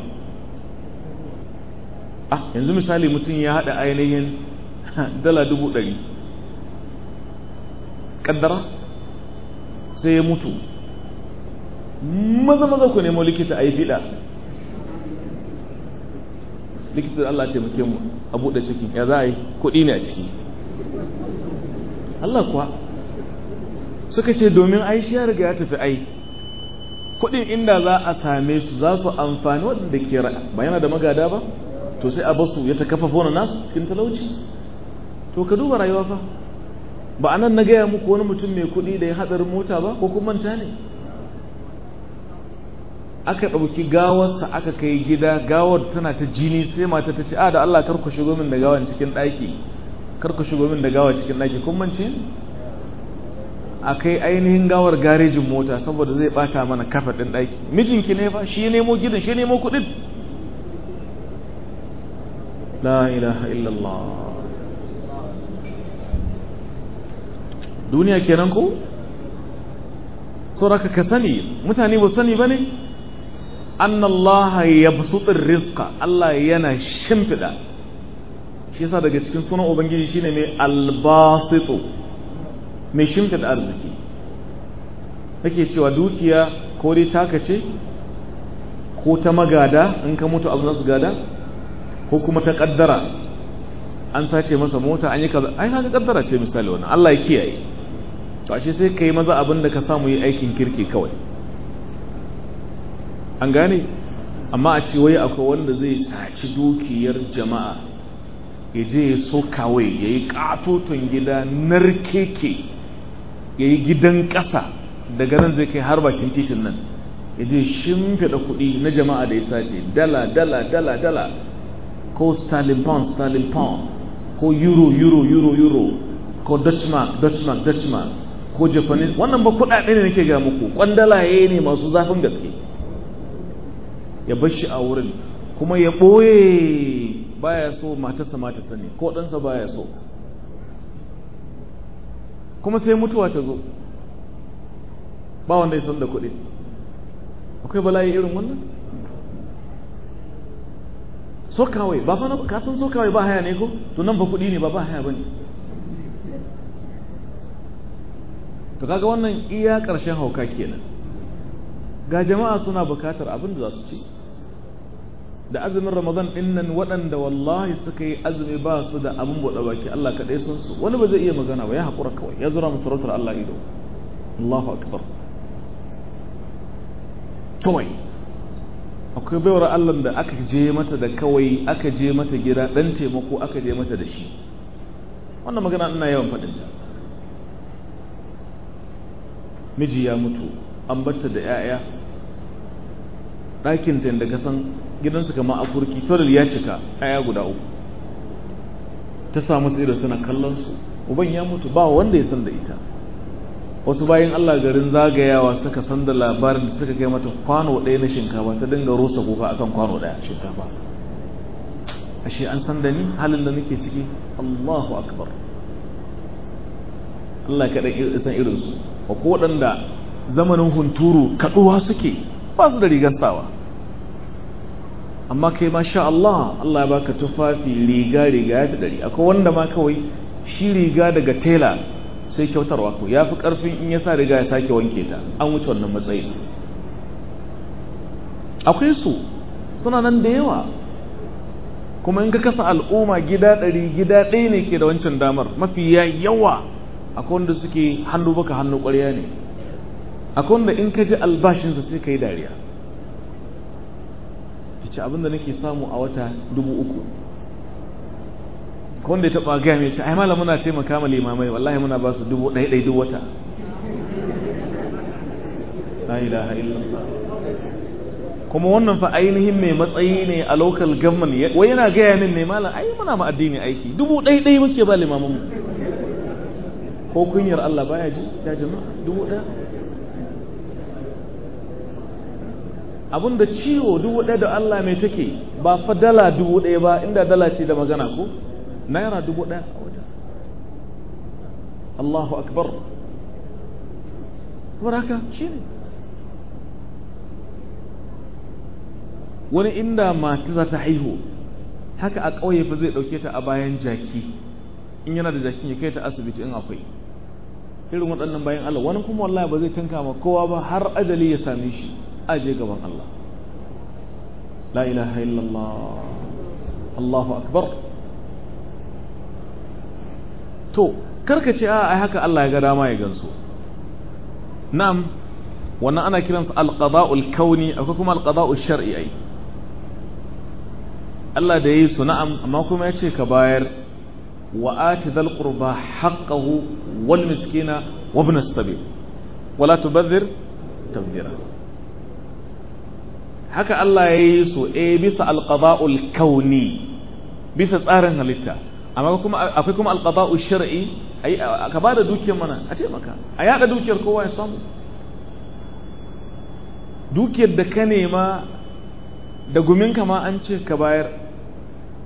ah yanzu misali mutum ya haɗa ainihin dala dubu ɗari ƙaddara sai ya mutu maza maza ku nemo likita a yi fiɗa likita Allah ce muke mu a buɗe ciki ya za a yi kuɗi ne a ciki Allah kuwa suka ce domin ai shi ya riga ya tafi ai kuɗin inda za a same su za su amfani waɗanda ke ba yana da magada ba to sai a basu ya ta kafa fona nasu cikin talauci to ka duba rayuwa fa ba anan na gaya muku wani mutum mai kuɗi da ya haɗarin mota ba ko kuma manta ne aka ɗauki gawarsa aka kai gida gawar tana ta jini sai mata ta ce a ah, da Allah karku shigo min da gawan cikin ɗaki karku shigo min da gawar cikin ɗaki kun mance a kai ainihin gawar garejin mota saboda zai ɓata mana kafa ɗin ɗaki mijinki ne fa shi nemo gidan shi nemo kuɗin la ilaha illallah duniya kenan ko saboda ka sani mutane ba sani ba ne anna Allah yabsutur rizka Allah yana shimfida shi yasa daga cikin sunan ubangiji shine mai albasitu mai shimfida arziki yake cewa dukiya ko dai taka ce ko ta magada in ka mutu abu su gada ko kuma ta kaddara an sace masa mota an yi kaza ai na kaddara ce misali wannan Allah ya kiyaye to a ce sai ka yi maza abin da ka samu yi aikin kirki kawai an gane amma a ce wai akwai wanda zai saci dukiyar jama'a ya je ya so kawai ya yi katoton gida narkeke ya yi gidan ƙasa daga nan zai kai har bakin titin nan ya je shimfiɗa kuɗi na jama'a da ya sace dala dala dala dala ko stalin pound stalin pound ko euro euro euro euro ko dutchmark dutchmark dutchmark ko japanese wannan ba kuɗaɗe ne nake ga muku kwandalaye ne masu zafin gaske ya bar shi a wurin kuma ya ɓoye baya so matarsa ma ta sani ko ɗansa baya so kuma sai mutuwa ta zo ba wanda ya san da kuɗi akwai bala'i irin wannan so kawai ba fa ka san so kawai ba haya ne ko to nan ba kuɗi ne ba ba haya bane to kaga wannan iya ƙarshen hauka kenan ga jama'a suna bukatar abin da za su ci da azumin ramadan din nan waɗanda wallahi suka yi azumi ba su da abin buɗe baki Allah kaɗai san su wani ba zai iya magana ba ya haƙura kawai ya zura masarautar Allah ido Allahu akbar kawai akwai baiwar Allah da aka je mata da kawai aka je mata gida ɗan taimako aka je mata da shi wannan magana ina yawan faɗin ta miji ya mutu an batta da 'ya'ya ɗakinta da ka san gidansu kama a kurki tolil ya cika aya guda uku ta samu tsira ido tana kallon su uban ya mutu ba wanda ya san da ita wasu bayan Allah garin zagayawa suka san da labarin da suka kai mata kwano ɗaya na shinkafa ta dinga rusa kuka akan kwano ɗaya shinkafa ashe an san da ni halin da nake ciki Allahu akbar Allah kaɗan san irinsu ko waɗanda zamanin hunturu kaɗuwa suke ba su da rigar sawa amma kai masha Allah Allah ya baka tufafi riga riga ya ta dari akwai wanda ma kawai shi riga daga tela sai kyautarwa ko ya fi karfin in ya sa riga ya sake wanke ta an wuce wannan matsayin akwai su suna nan da yawa kuma in ka kasa al'umma gida ɗari gida ɗaya ne ke da wancan damar mafi yawa akwai wanda suke hannu baka hannu ƙwarya ne akwai wanda in ka ji albashinsa sai ka yi dariya ce abinda nake samu a wata dubu uku wanda ya taba gaya mai ce ai malam muna taimaka ma limamai wallahi muna ba su dubu ɗaya ɗaya duk wata la ilaha illallah kuma wannan fa ainihin mai matsayi ne a local government wai yana gaya min ne malam ai muna ma addini aiki dubu ɗaya ɗaya muke ba limamanmu ko kunyar Allah baya ji ya jama'a dubu ɗaya abinda ciwo dubu ɗaya da Allah mai take ba fa dala dubu ɗaya ba inda dala ce da magana ko naira dubu ɗaya a wata Allahu akbar kamar haka shi ne wani inda mata za ta haihu haka a ƙauye fa zai ɗauke ta a bayan jaki in yana da jakin ya kai ta asibiti in akwai irin waɗannan bayan Allah wani kuma wallahi ba zai tanka ma kowa ba har ajali ya same shi aje gaban Allah la ilaha illallah Allahu akbar to karka ce a haka Allah ya ga dama ya gansu na'am wannan ana kiransa alqada'ul kauni akwai kuma alqada'ul shar'i ai Allah da yi su na'am amma kuma ya ce ka bayar wa ati dhal qurba haqqahu wal miskina wa ibn as-sabil wala tubadhir tabdira haka Allah ya yi su E, bisa alƙaba'ul kauni bisa tsarin halitta amma kuma akwai kuma alqada'u shar'i ka ba da dukiyar mana a taimaka a yada dukiyar kowa ya samu dukiyar da ka nema da gumin ma an ce ka bayar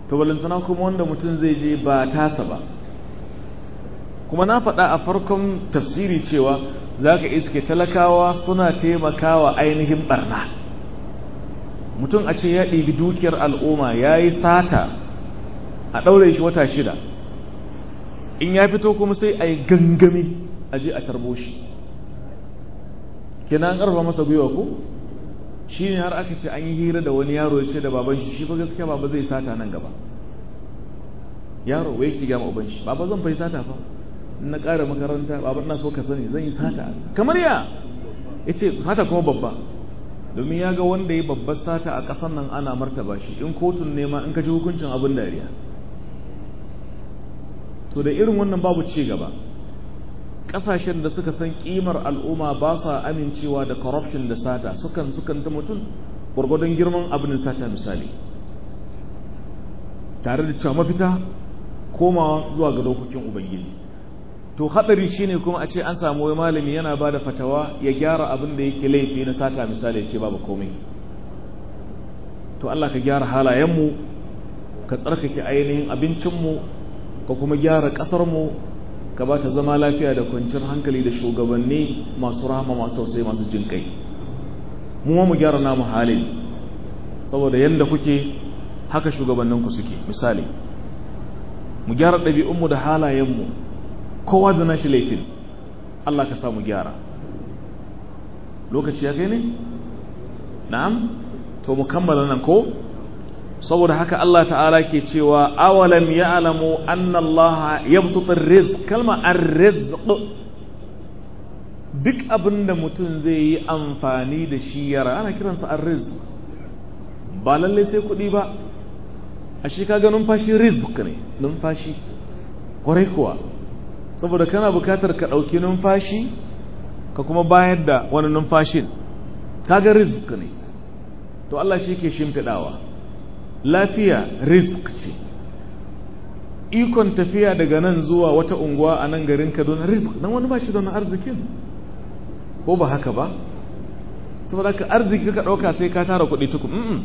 to balantana kuma wanda mutum zai je ba tasa ba kuma na faɗa a farkon tafsiri cewa za ka iske talakawa suna taimakawa ainihin barna mutum a ce ya ɗibi dukiyar al'umma ya yi sata a ɗaure shi wata shida in ya fito kuma sai a yi gangami a je a tarbo shi kenan an ƙarfa masa gwiwa ku shi ne har aka ce an yi hira da wani yaro ya ce da baban shi shi fa gaskiya baba zai sata nan gaba yaro wai ki gama uban shi baba zan fai sata fa na ƙara makaranta baba ina so ka sani zan yi sata kamar ya ya ce sata kuma babba domin ya ga wanda ya babbar sata a ƙasar nan ana martaba shi in kotun nema in ka ji hukuncin abin dariya to da irin wannan babu ci gaba ƙasashen da suka san ƙimar al'umma ba sa amincewa da corruption da sata sukan sukan ta mutum gwargwadon girman abin sata misali tare da cewa mafita komawa zuwa ga dokokin ubangiji to hadari shine kuma a ce an samu wai malami yana ba da fatawa ya gyara abin da yake laifi na sata misali ya ce babu komai to Allah ka gyara halayenmu ka tsarkake ainihin abincinmu ka kuma gyara ƙasarmu ka ba ta zama lafiya da kwanciyar hankali da shugabanni masu rahama masu tausayi masu jin kai mu ma mu gyara namu halin saboda yadda kuke haka shugabanninku suke misali mu gyara ɗabi'unmu da halayenmu kowa da nashi laifin Allah ka samu gyara lokaci ya kai ne na'am to mu kammala nan ko saboda haka Allah ta'ala ke cewa awalam ya'lamu anna Allah yabsutu riz kalma an riz duk abin da mutum zai yi amfani da shi yara ana kiransa an riz ba lalle sai kuɗi ba a shi ga numfashi rizq ne numfashi kwarai kuwa saboda kana bukatar ka ɗauki numfashi ka kuma bayar da wani numfashin kaga risk ne to Allah shi ke shimfiɗawa lafiya risk ce ikon tafiya daga nan zuwa wata unguwa a nan garin Kaduna risk nan wani ba shi don arzikin ko ba haka ba saboda ka arziki ka ɗauka sai ka tara kuɗi tukun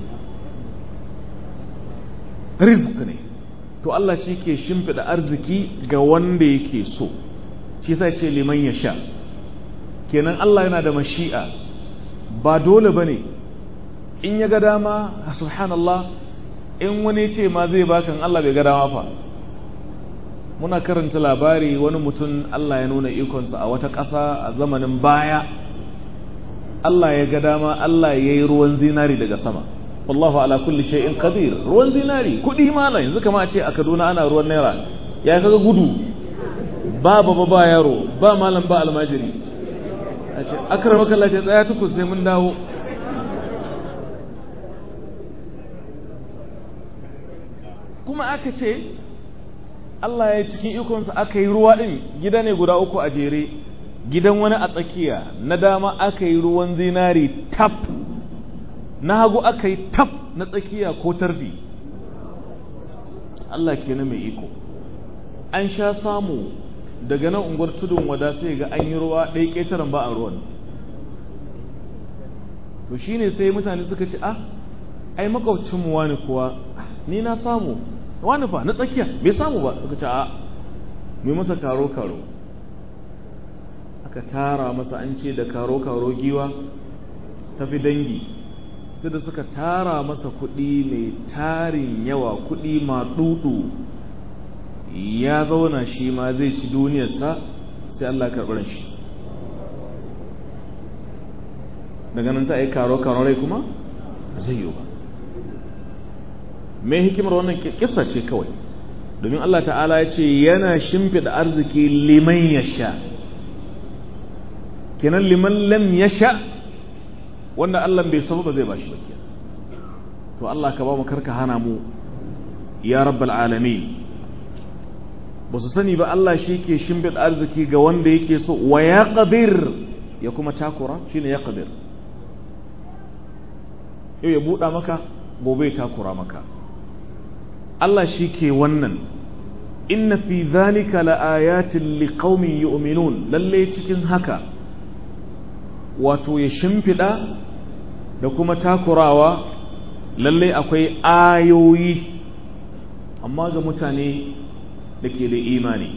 Risk ne to Allah shi ke shimfiɗa arziki ga wanda yake so shi sai ce liman ya sha kenan Allah yana da mashi'a ba dole ba ne in ya ga dama a subhanallah in wani ce ma zai bakan Allah bai ga dama fa muna karanta labari wani mutum Allah ya nuna ikonsa a wata ƙasa a zamanin baya Allah ya ga dama Allah ya yi ruwan zinari daga sama wallahu ala kulli shay'in qadir ruwan zinari kudi mala yanzu kama a ce a Kaduna ana ruwan naira ya kaga gudu ba baba ba yaro ba malam ba almajiri a ce akrama Allah ya tsaya tuku sai mun dawo kuma aka ce Allah ya cikin ikonsa aka yi ruwa din. gida ne guda uku a jere gidan wani a tsakiya na dama aka yi ruwan zinari tap na hagu aka yi tab na tsakiya ko tarbi Allah ke na mai iko an sha samu daga nan unguwar tudun wada sai ga an yi ruwa ɗaya ƙetaren ba a ruwan to shi ne sai mutane suka ce ah ai makwabcinmu wani kuwa ni na samu wani fa na tsakiya bai samu ba suka ce a ah, mai masa karo-karo aka tara masa an ce da karo-karo giwa tafi dangi sai da suka tara masa kuɗi mai tarin yawa kuɗi maɗuɗu ya zauna shi ma zai ci duniyarsa sai Allah karɓar shi daga nan sai karo karo rai kuma zai yi ba mai hikimar wannan kisa ce kawai domin Allah ta'ala ya ce yana shimfiɗa arziki liman ya sha kenan liman lam ya sha wanda Allah bai saba ba zai bashi bakiya to Allah ka ba mu karka hana mu ya rabbal alamin ba su sani ba Allah shi ke shimbid arziki ga wanda yake so wa ya qadir ya kuma takura shine ya qadir yau ya buɗa maka gobe ya takura maka Allah shi ke wannan inna fi dhalika la ayatin liqaumin yu'minun lalle cikin haka wato ya shimfiɗa da kuma takurawa lalle akwai ayoyi amma ga mutane da ke da imani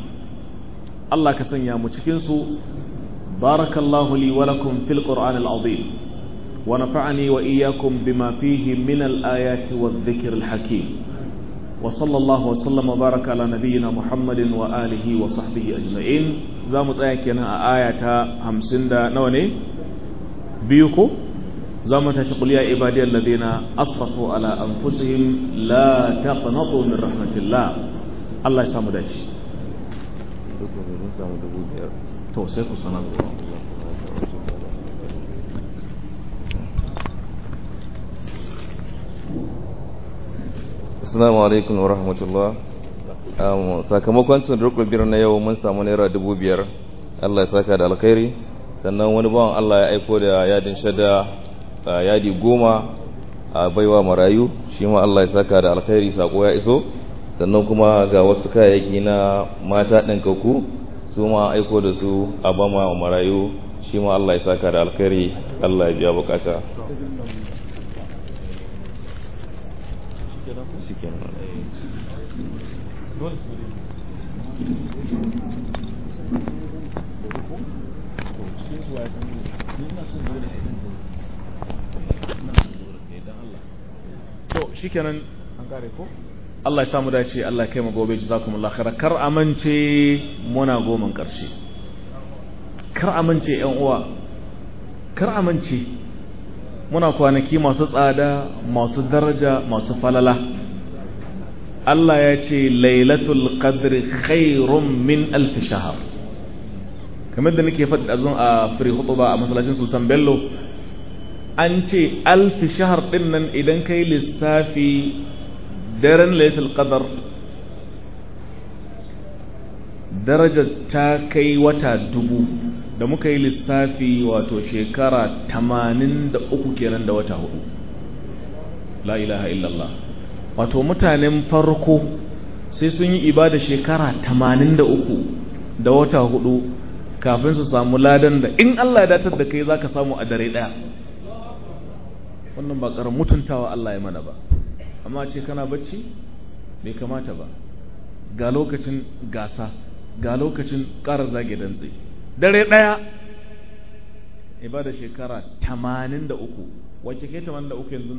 Allah ka sanya mu cikinsu barakallahu li wa lakum fil qur'an al wa nafa'ani wa iyyakum bima fihi min al-ayati wadh-dhikr al Muhammadin wa alihi wa وبارك على نبينا محمد وآله وصحبه أجمعين زامو تسايا hamsin da, nawa ne? biyu ko za mu tashi kuliya ibadiyar ladina asfafu ala anfusihim la taqnatu min rahmatillah Allah ya samu dace to sai ku sanar Assalamu alaikum wa rahmatullah. Um, sakamakon cin rukun biyar na yau mun samu naira dubu biyar. Allah ya saka da alkhairi. sannan wani bawan Allah ya aiko da yadin shada a yadi goma a baiwa marayu shi ma Allah ya saka da alkhairi sako ya iso sannan kuma ga wasu kayayyaki na mata ɗinkaku su ma aiko da su a bama marayu shi ma Allah ya saka da alkhairi Allah ya biya bukata Thank to shikenan an kare ko Allah ya samu dace Allah kai mu gobe jazakumullahu kar amince muna goman karshe kar amince yan uwa kar amince muna kwanaki masu tsada masu daraja masu falala Allah ya ce lailatul qadri khairum min alf shahr kamar da nake faɗi azun a free hutuba a masallacin sultan bello an ce alfi shahar ɗin nan idan yi lissafi daren laifin ƙadar darajar ta kai wata dubu da muka yi lissafi wato shekara tamanin da uku kenan da wata hudu la ilaha wato mutanen farko sai sun yi ibada shekara tamanin da uku da wata hudu kafin su samu ladan da in Allah ya datar da kai za ka samu a dare daya wannan ba ƙarar mutuntawa Allah ya mana ba amma ce kana bacci bai kamata ba ga lokacin gasa ga lokacin ƙara zage dantse dare ɗaya ibada shekara 83 wacce ke 83 yanzu